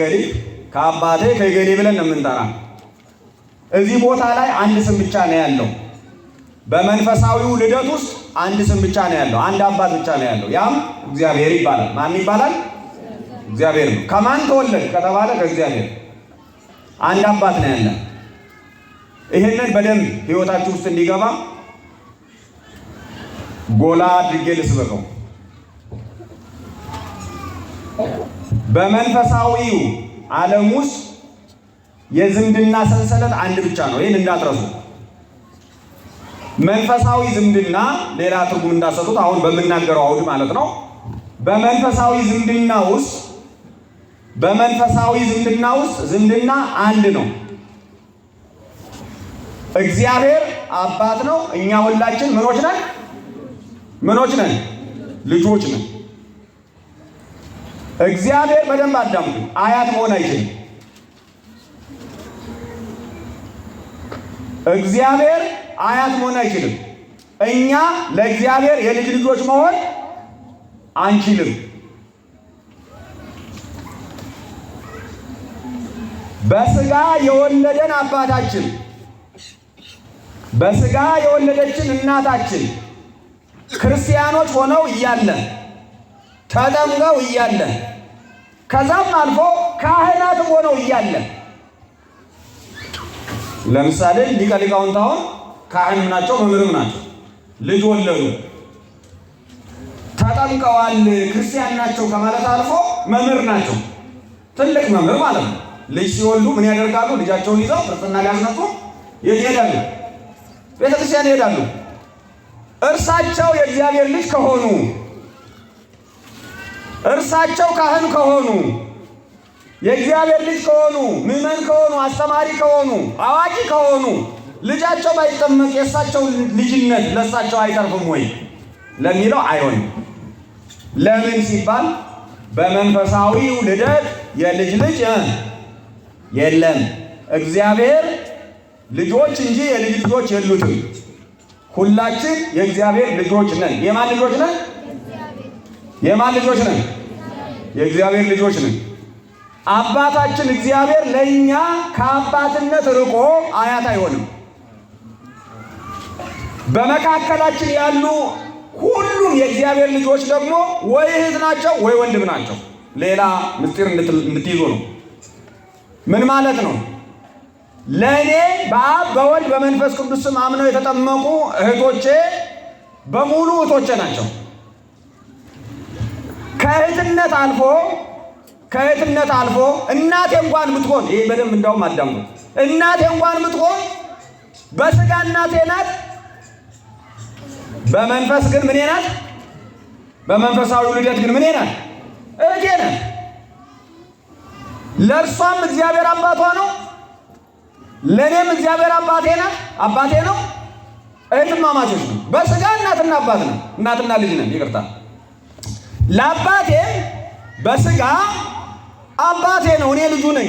ከገሌ ከአባቴ ከገሌ ብለን ነው የምንጠራ። እዚህ ቦታ ላይ አንድ ስም ብቻ ነው ያለው። በመንፈሳዊው ልደት ውስጥ አንድ ስም ብቻ ነው ያለው። አንድ አባት ብቻ ነው ያለው። ያም እግዚአብሔር ይባላል። ማን ይባላል? እግዚአብሔር ነው። ከማን ተወለድ ከተባለ ከእግዚአብሔር። አንድ አባት ነው ያለ። ይህንን በደንብ ህይወታችሁ ውስጥ እንዲገባ ጎላ አድርጌ ልስበከው። በመንፈሳዊው ዓለም ውስጥ የዝምድና ሰንሰለት አንድ ብቻ ነው። ይህን እንዳትረሱ። መንፈሳዊ ዝምድና ሌላ ትርጉም እንዳሰጡት አሁን በምናገረው አውድ ማለት ነው። በመንፈሳዊ ዝምድና ውስጥ በመንፈሳዊ ዝምድና ውስጥ ዝምድና አንድ ነው። እግዚአብሔር አባት ነው። እኛ ሁላችን ምኖች ነን፣ ምኖች ነን፣ ልጆች ነን። እግዚአብሔር በደንብ አዳምጡ። አያት መሆን አይችልም። እግዚአብሔር አያት መሆን አይችልም። እኛ ለእግዚአብሔር የልጅ ልጆች መሆን አንችልም። በስጋ የወለደን አባታችን በስጋ የወለደችን እናታችን ክርስቲያኖች ሆነው እያለ ተጠምቀው እያለን። ከዛም አልፎ ካህናትም ሆነው እያለ ለምሳሌ ሊቀ ሊቃውንት አሁን ካህንም ናቸው መምህርም ናቸው። ልጅ ወለዱ፣ ተጠምቀዋል፣ ክርስቲያን ናቸው ከማለት አልፎ መምህር ናቸው። ትልቅ መምህር ማለት ነው። ልጅ ሲወልዱ ምን ያደርጋሉ? ልጃቸውን ይዘው ክርስትና ሊያስነሱ የት ይሄዳሉ? ቤተክርስቲያን ይሄዳሉ። እርሳቸው የእግዚአብሔር ልጅ ከሆኑ እርሳቸው ካህን ከሆኑ የእግዚአብሔር ልጅ ከሆኑ ምዕመን ከሆኑ አስተማሪ ከሆኑ አዋቂ ከሆኑ ልጃቸው ባይጠመቅ የእሳቸው ልጅነት ለእሳቸው አይጠርፍም ወይ ለሚለው አይሆንም። ለምን ሲባል በመንፈሳዊው ልደት የልጅ ልጅ የለም። እግዚአብሔር ልጆች እንጂ የልጅ ልጆች የሉትም። ሁላችን የእግዚአብሔር ልጆች ነን። የማን ልጆች ነን? የማን ልጆች ነን? የእግዚአብሔር ልጆች ነን። አባታችን እግዚአብሔር ለእኛ ከአባትነት ርቆ አያት አይሆንም። በመካከላችን ያሉ ሁሉም የእግዚአብሔር ልጆች ደግሞ ወይ እህት ናቸው ወይ ወንድም ናቸው። ሌላ ምስጢር እንድትይዙ ነው። ምን ማለት ነው? ለእኔ በአብ በወልድ በመንፈስ ቅዱስ ስም አምነው የተጠመቁ እህቶቼ በሙሉ እህቶቼ ናቸው። ከእህትነት አልፎ ከእህትነት አልፎ እናቴ እንኳን ብትሆን ይሄ በደንብ እንዳውም አዳሙ እናቴ እንኳን ብትሆን በስጋ እናቴ ናት፣ በመንፈስ ግን ምን ናት? በመንፈሳዊ ልደት ግን ምን ናት? እህቴ ናት። ለእርሷም እግዚአብሔር አባቷ ነው፣ ለእኔም እግዚአብሔር አባቴ ናት አባቴ ነው። እህትማማቾች ነው። በስጋ እናትና አባት ነው፣ እናትና ልጅ ነን። ይቅርታ ለአባቴ በስጋ አባቴ ነው፣ እኔ ልጁ ነኝ።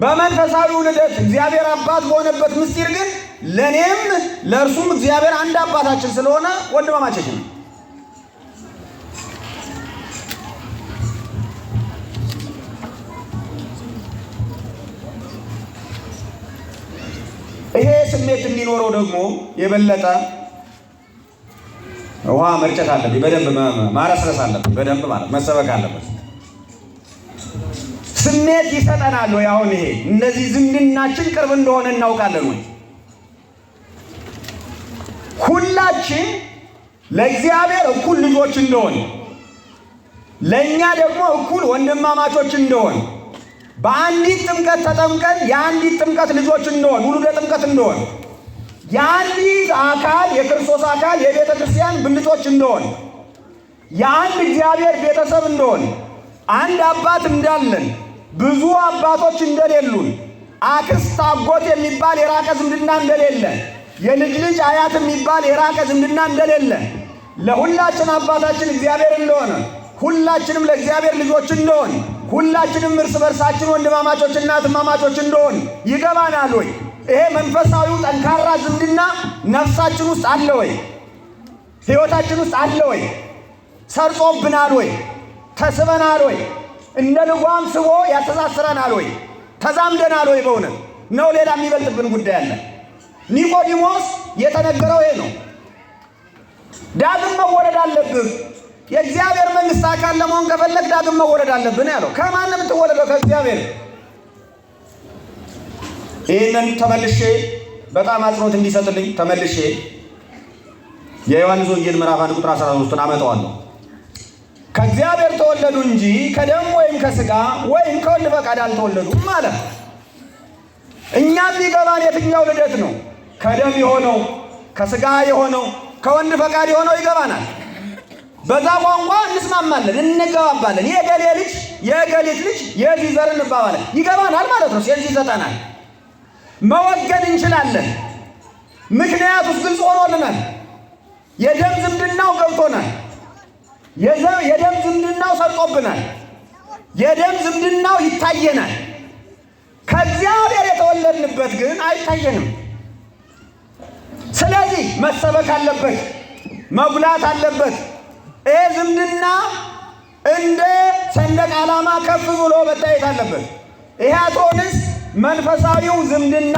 በመንፈሳዊ ልደት እግዚአብሔር አባት በሆነበት ምስጢር ግን ለእኔም ለእርሱም እግዚአብሔር አንድ አባታችን ስለሆነ ወንድማማቸች ነው። ይሄ ስሜት እንዲኖረው ደግሞ የበለጠ ውሃ መርጨት አለብኝ በደንብ ማረስረስ አለብኝ በደንብ ማለት መሰበክ አለበት። ስሜት ይሰጠናል ወይ? አሁን ይሄ እነዚህ ዝምድናችን ቅርብ እንደሆነ እናውቃለን ወይ? ሁላችን ለእግዚአብሔር እኩል ልጆች እንደሆን፣ ለእኛ ደግሞ እኩል ወንድማማቾች እንደሆን፣ በአንዲት ጥምቀት ተጠምቀን የአንዲት ጥምቀት ልጆች እንደሆን፣ ውሉደ ጥምቀት እንደሆን የአንዲት አካል የክርስቶስ አካል የቤተ ክርስቲያን ብልቶች እንደሆን የአንድ እግዚአብሔር ቤተሰብ እንደሆን አንድ አባት እንዳለን ብዙ አባቶች እንደሌሉን አክስት አጎት የሚባል የራቀ ዝምድና እንደሌለ የልጅ ልጅ አያት የሚባል የራቀ ዝምድና እንደሌለ ለሁላችን አባታችን እግዚአብሔር እንደሆነ ሁላችንም ለእግዚአብሔር ልጆች እንደሆን ሁላችንም እርስ በርሳችን ወንድማማቾችና ትማማቾች እንደሆን ይገባናል ወይ? ይሄ መንፈሳዊው ጠንካራ ዝምድና ነፍሳችን ውስጥ አለ ወይ? ሕይወታችን ውስጥ አለ ወይ? ሰርጾብናል ወይ? ተስበናል ወይ? እንደ ልጓም ስቦ ያስተሳስረናል ወይ? ተዛምደናል ወይ? በእውነት ነው ሌላ የሚበልጥብን ጉዳይ አለ? ኒቆዲሞስ የተነገረው ይሄ ነው። ዳግም መወለድ አለብህ። የእግዚአብሔር መንግሥት አካል ለመሆን ከፈለግ ዳግም መወለድ አለብን ያለው ከማንም የምትወለደው ከእግዚአብሔር ይህንን ተመልሼ በጣም አጽንኦት እንዲሰጥልኝ ተመልሼ የዮሐንስ ወንጌል ምዕራፍ አንድ ቁጥር 13ን አመጣዋለሁ። ከእግዚአብሔር ተወለዱ እንጂ ከደም ወይም ከስጋ ወይም ከወንድ ፈቃድ አልተወለዱም አለ። እኛም ሊገባን የትኛው ልደት ነው? ከደም የሆነው ከስጋ የሆነው ከወንድ ፈቃድ የሆነው ይገባናል። በዛ ቋንቋ እንስማማለን፣ እንገባባለን። የገሌ ልጅ የገሌት ልጅ የዚህ ዘር እንባባለን። ይገባናል ማለት ነው። ሴንስ ይሰጠናል። መወገድ እንችላለን። ምክንያቱ ግልጽ ሆኖልናል። የደም ዝምድናው ገብቶናል። የደም ዝምድናው ሰርጦብናል። የደም ዝምድናው ይታየናል። ከእግዚአብሔር የተወለድንበት ግን አይታየንም። ስለዚህ መሰበክ አለበት፣ መጉላት አለበት። ይህ ዝምድና እንደ ሰንደቅ ዓላማ ከፍ ብሎ መታየት አለበት። ይህ አቶንስ መንፈሳዊው ዝምድና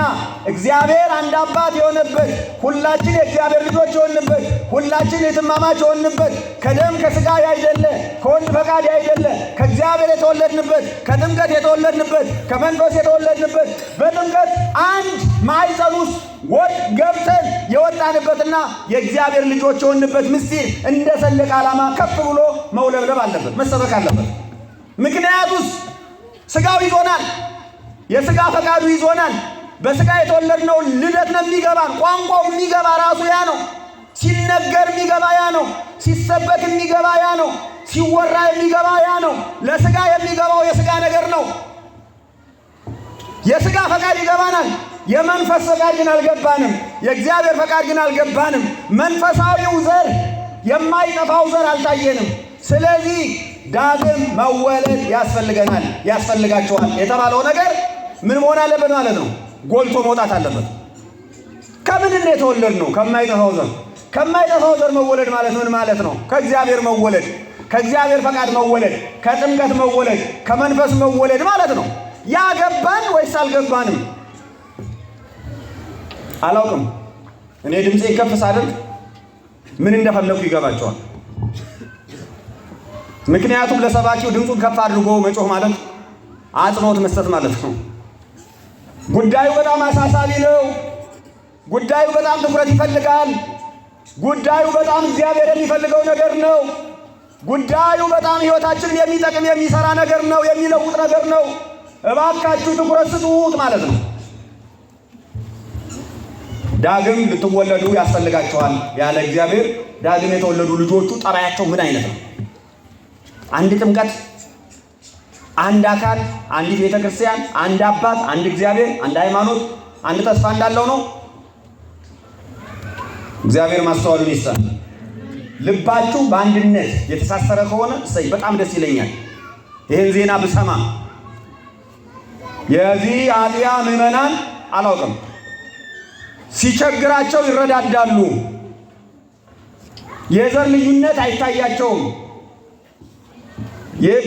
እግዚአብሔር አንድ አባት የሆነበት ሁላችን የእግዚአብሔር ልጆች የሆንበት ሁላችን የትማማች የሆንበት ከደም ከስጋ ያይደለ ከወንድ ፈቃድ ያይደለ ከእግዚአብሔር የተወለድንበት ከጥምቀት የተወለድንበት ከመንፈስ የተወለድንበት በጥምቀት አንድ ማኅፀን ውስጥ ወድ ገብተን የወጣንበትና የእግዚአብሔር ልጆች የሆንበት ምስጢር እንደ ሰንደቅ ዓላማ ከፍ ብሎ መውለብለብ አለበት፣ መሰበክ አለበት። ምክንያቱስ ስጋው ይዞናል። የስጋ ፈቃዱ ይዞናል። የተወለድ ነው ልደት ነው የሚገባን። ቋንቋው የሚገባ ራሱ ያ ነው። ሲነገር የሚገባ ያ ነው። ሲሰበክ የሚገባ ያ ነው። ሲወራ የሚገባ ያ ነው። ለስጋ የሚገባው የስጋ ነገር ነው። የስጋ ፈቃድ ይገባናል። የመንፈስ ፈቃድ ግን አልገባንም። የእግዚአብሔር ፈቃድ ግን አልገባንም። መንፈሳዊው ዘር የማይጠፋው ዘር አልታየንም። ስለዚህ ዳግም መወለድ ያስፈልገናል፣ ያስፈልጋችኋል የተባለው ነገር ምን መሆን አለበት ማለት ነው? ጎልቶ መውጣት አለበት። ከምንድን ነው የተወለድ ነው? ከማይጠፋው ዘር። ከማይጠፋው ዘር መወለድ ማለት ምን ማለት ነው? ከእግዚአብሔር መወለድ፣ ከእግዚአብሔር ፈቃድ መወለድ፣ ከጥምቀት መወለድ፣ ከመንፈስ መወለድ ማለት ነው። ያገባን ወይስ አልገባንም? አላውቅም። እኔ ድምፄ ከፍ ሳደርግ ምን እንደፈለኩ ይገባቸዋል። ምክንያቱም ለሰባኪው ድምፁን ከፍ አድርጎ መጮህ ማለት አጽንኦት መስጠት ማለት ነው። ጉዳዩ በጣም አሳሳቢ ነው። ጉዳዩ በጣም ትኩረት ይፈልጋል። ጉዳዩ በጣም እግዚአብሔር የሚፈልገው ነገር ነው። ጉዳዩ በጣም ሕይወታችንን የሚጠቅም የሚሰራ ነገር ነው፣ የሚለውጥ ነገር ነው። እባካችሁ ትኩረት ስጡት ማለት ነው። ዳግም ልትወለዱ ያስፈልጋችኋል ያለ እግዚአብሔር። ዳግም የተወለዱ ልጆቹ ጠባያቸው ምን አይነት ነው? አንድ ጥምቀት አንድ አካል፣ አንዲት ቤተ ክርስቲያን፣ አንድ አባት፣ አንድ እግዚአብሔር፣ አንድ ሃይማኖት፣ አንድ ተስፋ እንዳለው ነው። እግዚአብሔር ማስተዋሉን ይስጠን። ልባችሁ በአንድነት የተሳሰረ ከሆነ እሰይ፣ በጣም ደስ ይለኛል። ይህን ዜና ብሰማ የዚህ አጥቢያ ምዕመናን አላውቅም፣ ሲቸግራቸው ይረዳዳሉ፣ የዘር ልዩነት አይታያቸውም።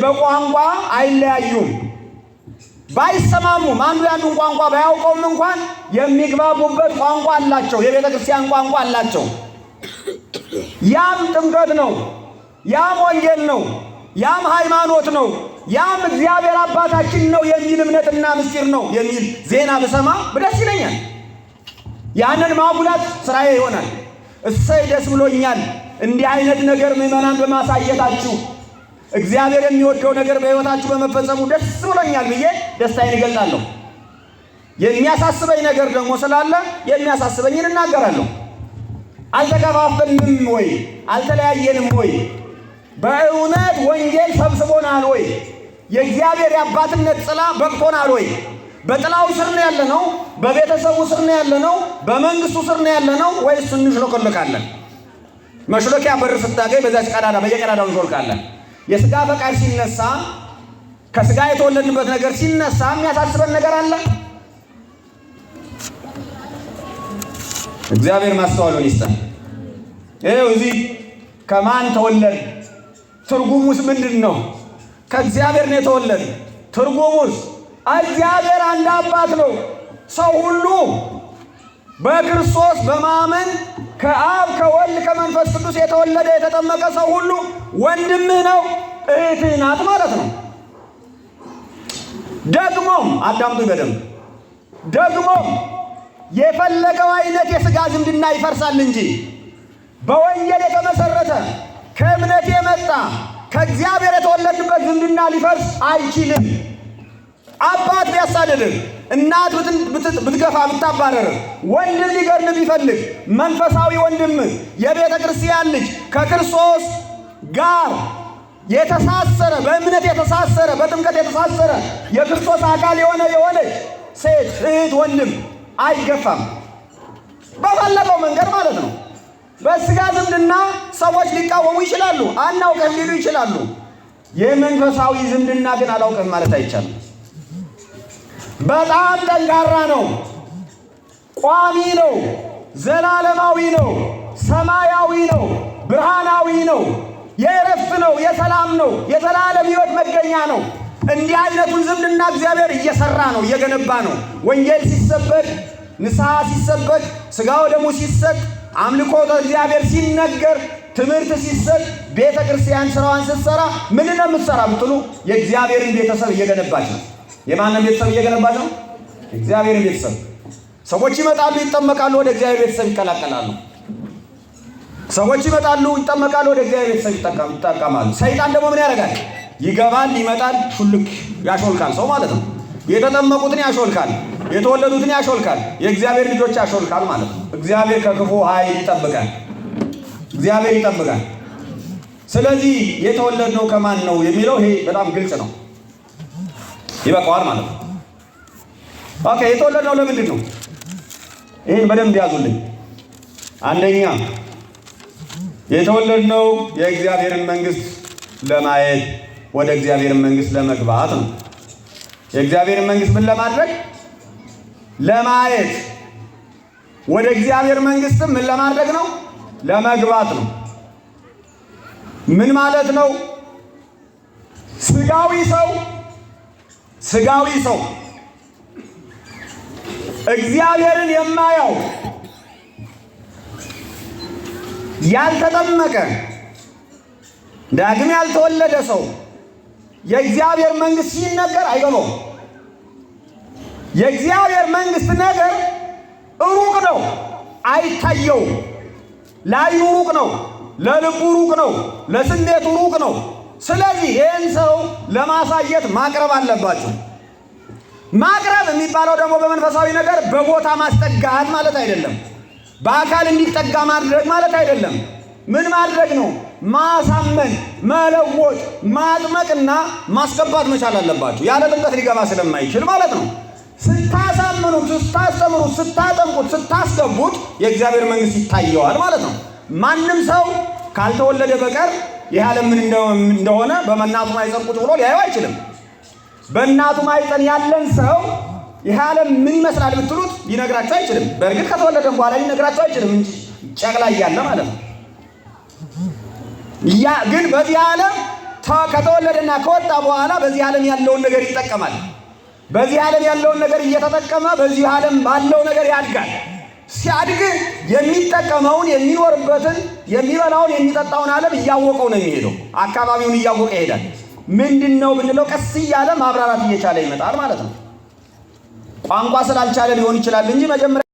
በቋንቋ አይለያዩም። ባይሰማሙም አንዱ ያንዱን ቋንቋ ባያውቀውም እንኳን የሚግባቡበት ቋንቋ አላቸው። የቤተ ክርስቲያን ቋንቋ አላቸው። ያም ጥምቀት ነው፣ ያም ወንጌል ነው፣ ያም ሃይማኖት ነው፣ ያም እግዚአብሔር አባታችን ነው የሚል እምነትና ምስጢር ነው የሚል ዜና ብሰማ ደስ ይለኛል። ያንን ማጉላት ስራዬ ይሆናል። እሰይ ደስ ብሎኛል፣ እንዲህ አይነት ነገር ምዕመናን በማሳየታችሁ እግዚአብሔር የሚወደው ነገር በሕይወታችሁ በመፈጸሙ ደስ ብሎኛል ብዬ ደስታዬን እገልጣለሁ። የሚያሳስበኝ ነገር ደግሞ ስላለ የሚያሳስበኝን እናገራለሁ። አልተከፋፈልንም ወይ? አልተለያየንም ወይ? በእውነት ወንጌል ሰብስቦናል ወይ? የእግዚአብሔር የአባትነት ጥላ በቅቶናል ወይ? በጥላው ስር ነው ያለ ነው በቤተሰቡ ስር ነው ያለ ነው በመንግስቱ ስር ነው ያለ ነው ወይስ እንሽሎኮልቃለን? መሽሎኪያ በር ስታገኝ በዚያች ቀዳዳ በየቀዳዳው እንሾልቃለን። የስጋ ፈቃድ ሲነሳ ከስጋ የተወለድንበት ነገር ሲነሳ የሚያሳስበን ነገር አለ። እግዚአብሔር ማስተዋሉን ይስጠን። ይኸው እዚህ ከማን ተወለድ? ትርጉሙስ ምንድን ነው? ከእግዚአብሔር ነው የተወለድ። ትርጉሙስ እግዚአብሔር አንድ አባት ነው። ሰው ሁሉ በክርስቶስ በማመን ከአብ ከወልድ ከመንፈስ ቅዱስ የተወለደ የተጠመቀ ሰው ሁሉ ወንድምህ ነው፣ እህትህ ናት ማለት ነው። ደግሞም አዳምጡኝ በደንብ ደግሞም የፈለገው አይነት የስጋ ዝምድና ይፈርሳል እንጂ በወንጌል የተመሰረተ ከእምነት የመጣ ከእግዚአብሔር የተወለድበት ዝምድና ሊፈርስ አይችልም። አባት ቢያሳድድህ፣ እናት ብትገፋ ብታባረርህ፣ ወንድም ሊገርም ቢፈልግ መንፈሳዊ ወንድምህ የቤተ ክርስቲያን ልጅ ከክርስቶስ ጋር የተሳሰረ በእምነት የተሳሰረ በጥምቀት የተሳሰረ የክርስቶስ አካል የሆነ የሆነች ሴት እህት ወንድም አይገፋም። በፈለገው መንገድ ማለት ነው። በስጋ ዝምድና ሰዎች ሊቃወሙ ይችላሉ። አናውቅም ሊሉ ይችላሉ። የመንፈሳዊ ዝምድና ግን አላውቅም ማለት አይቻልም። በጣም ጠንካራ ነው። ቋሚ ነው። ዘላለማዊ ነው። ሰማያዊ ነው። ብርሃናዊ ነው። የእረፍት ነው። የሰላም ነው። የዘላለም ሕይወት መገኛ ነው። እንዲህ አይነቱን ዝምድና እግዚአብሔር እየሰራ ነው፣ እየገነባ ነው። ወንጌል ሲሰበክ፣ ንስሐ ሲሰበክ፣ ሥጋ ወደሙ ሲሰጥ፣ አምልኮ እግዚአብሔር ሲነገር፣ ትምህርት ሲሰጥ፣ ቤተ ክርስቲያን ስራዋን ስትሰራ ምንድን ነው የምትሰራ ብትሉ የእግዚአብሔርን ቤተሰብ እየገነባች ነው። የማንን ቤተሰብ እየገነባ ነው? እግዚአብሔር ቤተሰብ። ሰዎች ይመጣሉ፣ ይጠመቃሉ፣ ወደ እግዚአብሔር ቤተሰብ ይቀላቀላሉ። ሰዎች ይመጣሉ፣ ይጠመቃሉ፣ ወደ እግዚአብሔር ቤተሰብ ይጠቀማሉ። ሰይጣን ደግሞ ምን ያደርጋል? ይገባል፣ ይመጣል፣ ሹልክ ያሾልካል። ሰው ማለት ነው። የተጠመቁትን ያሾልካል፣ የተወለዱትን ያሾልካል፣ የእግዚአብሔር ልጆች ያሾልካል ማለት ነው። እግዚአብሔር ከክፉ ኃይል ይጠብቃል። እግዚአብሔር ይጠብቃል። ስለዚህ የተወለድነው ከማን ነው የሚለው ይሄ በጣም ግልጽ ነው። ይበቃዋል ማለት ነው። ኦኬ የተወለድነው ለምንድን ነው? ይህን በደንብ ያዙልኝ። አንደኛ የተወለድነው የእግዚአብሔርን መንግስት ለማየት ወደ እግዚአብሔርን መንግስት ለመግባት ነው። የእግዚአብሔርን መንግስት ምን ለማድረግ ለማየት ወደ እግዚአብሔር መንግስትም ምን ለማድረግ ነው? ለመግባት ነው። ምን ማለት ነው? ስጋዊ ሰው ስጋዊ ሰው እግዚአብሔርን የማያው ያልተጠመቀ ዳግም ያልተወለደ ሰው የእግዚአብሔር መንግስት ሲነገር አይገባው። የእግዚአብሔር መንግስት ነገር ሩቅ ነው፣ አይታየው። ላይ ሩቅ ነው፣ ለልቡ ሩቅ ነው፣ ለስሜቱ ሩቅ ነው። ስለዚህ ይህን ሰው ለማሳየት ማቅረብ አለባችሁ። ማቅረብ የሚባለው ደግሞ በመንፈሳዊ ነገር በቦታ ማስጠጋት ማለት አይደለም። በአካል እንዲጠጋ ማድረግ ማለት አይደለም። ምን ማድረግ ነው? ማሳመን፣ መለወጥ፣ ማጥመቅና ማስገባት መቻል አለባችሁ። ያለ ጥምቀት ሊገባ ስለማይችል ማለት ነው። ስታሳምኑት፣ ስታስተምሩት፣ ስታጠምቁት፣ ስታስገቡት የእግዚአብሔር መንግሥት ይታየዋል ማለት ነው። ማንም ሰው ካልተወለደ በቀር ይህ ዓለም ምን እንደሆነ በመናቱ ማይፀን ቁጭ ብሎ ሊያየው አይችልም። በእናቱ ማይጠን ያለን ሰው ይህ ዓለም ምን ይመስላል ብትሉት ሊነግራቸው አይችልም። በእርግጥ ከተወለደ በኋላ ሊነግራቸው አይችልም እንጂ ጨቅላ እያለ ማለት ነው። ያ ግን በዚህ ዓለም ከተወለደና ከወጣ በኋላ በዚህ ዓለም ያለውን ነገር ይጠቀማል። በዚህ ዓለም ያለውን ነገር እየተጠቀመ በዚህ ዓለም ባለው ነገር ያድጋል። ሲያድግ የሚጠቀመውን የሚኖርበትን የሚበላውን የሚጠጣውን ዓለም እያወቀው ነው የሚሄደው። አካባቢውን እያወቀ ይሄዳል። ምንድን ነው ብንለው ቀስ እያለ ማብራራት እየቻለ ይመጣል ማለት ነው። ቋንቋ ስላልቻለ ሊሆን ይችላል እንጂ መጀመሪያ